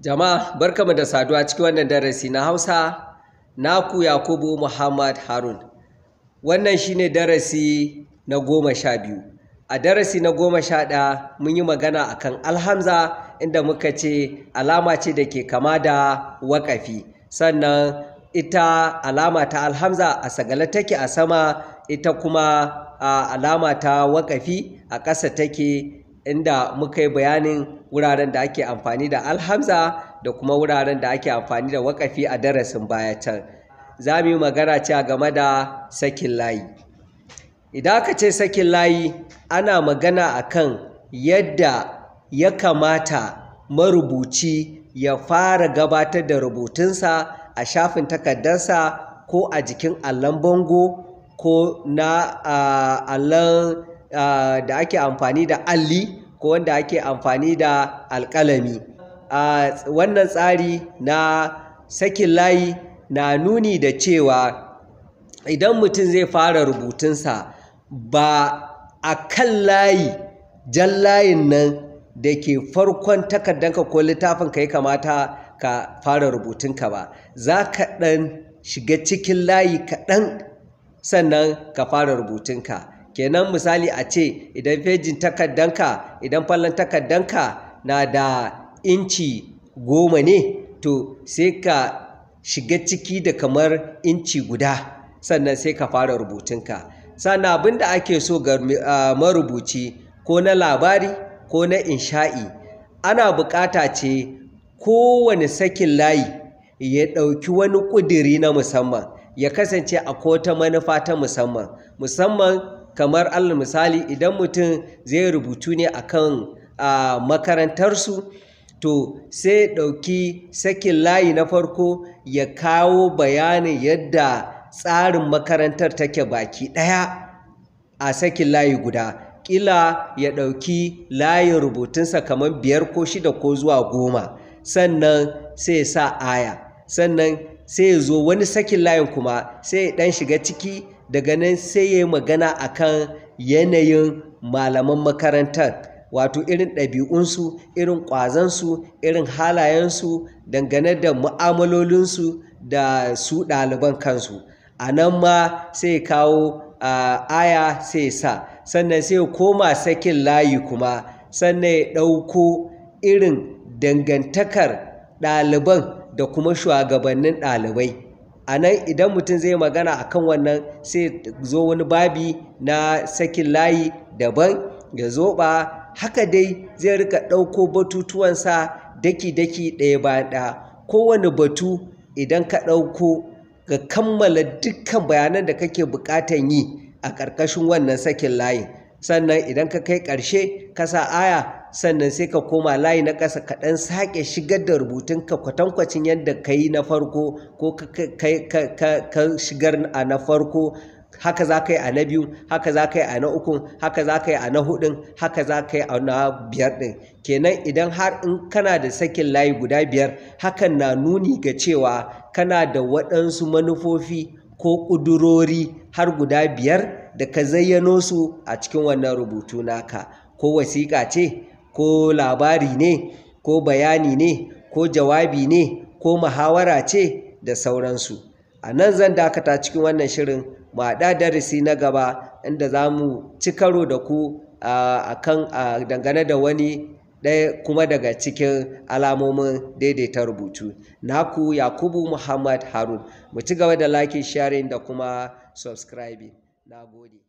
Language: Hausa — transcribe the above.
Jama'a barkamu da saduwa cikin wannan darasi na Hausa naku Yakubu Muhammad Harun. Wannan shine darasi na goma sha biyu. A darasi na goma sha ɗaya mun yi magana akan alhamza inda muka ce alama ce da ke kama da waƙafi. Sannan ita alama ta alhamza a sagale take a sama ita kuma a alama ta waƙafi a ƙasa take inda muka yi bayanin wuraren da ake amfani da alhamza da kuma wuraren da ake amfani da wakafi a darasin bayatar, za mu yi magana ce game da sakin layi idan aka ce sakin layi ana magana a kan yadda ya kamata marubuci ya fara gabatar da rubutunsa a shafin takardarsa ko a jikin allon bango ko na allon Ah, da ake amfani da alli ko wanda ake amfani da alƙalami ah, wannan tsari na sakin layi na nuni da cewa idan mutum zai fara rubutunsa ba a kan layi jan layin nan da ke farkon takardanka ko littafin ka ya kamata ka fara rubutunka ba za ka ɗan shiga cikin layi kaɗan sannan ka fara rubutunka kenan misali a ce idan fejin takardanka idan fallon takardanka na da inci goma ne to sai ka shiga ciki da kamar inci guda sannan sai ka fara rubutunka sannan abin da ake so ga marubuci ko na labari ko na insha'i ana bukata ce kowane sakin layi ya ɗauki wani ƙudiri na musamman ya kasance a kota manufa ta musamman musamman kamar allah misali idan mutum zai rubutu ne akan a makarantarsu to sai ɗauki sakin layi na farko ya kawo bayanin yadda tsarin makarantar take baki ɗaya a sakin layi guda ƙila ya ɗauki layin rubutunsa kamar biyar ko shida ko zuwa goma sannan sai sa aya sannan sai ya zo wani sakin layin kuma sai ya ɗan shiga ciki daga nan sai ya yi magana kan yanayin malaman makarantar wato irin ɗabi'unsu irin ƙwazansu irin halayensu dangane da mu'amalolinsu da su ɗaliban kansu a nan ma sai kawo aya sai sa sannan sai koma sakin layi kuma sannan ya ɗauko irin dangantakar ɗaliban da kuma shugabannin ɗalibai a nan idan mutum zai magana a kan wannan sai zo wani babi na sakin layi daban ya zoɓa haka dai zai rika ɗauko batutuwansa daki-daki ɗaya bayan ɗaya kowane batu idan ka ɗauko ka kammala dukkan bayanan da kake buƙatan yi a ƙarƙashin wannan sakin layin sannan idan ka kai ƙarshe ka sa aya sannan sai ka koma layi na ƙasa ka ɗan sake shigar da rubutun ka kwatankwacin yadda ka yi na farko ko ka shigar a na farko haka za ka yi a na biyu haka za ka yi a na uku, haka za ka yi a na hudun haka za ka yi a na biyar ɗin kenan idan har in kana da sakin layi guda biyar hakan na nuni ga cewa kana da waɗansu manufofi ko ƙudurori har guda biyar da ka zayyano su a cikin wannan rubutu naka ko wasiƙa ce ko labari ne ko bayani ne ko jawabi ne ko muhawara ce da sauransu a nan zan dakata cikin wannan shirin mu haɗa darasi na gaba inda za mu ci karo da ku a kan dangane da wani ɗaya kuma daga cikin alamomin daidaita rubutu naku yakubu muhammad harun mu ci gaba da like sharing da kuma subscribing Na gode.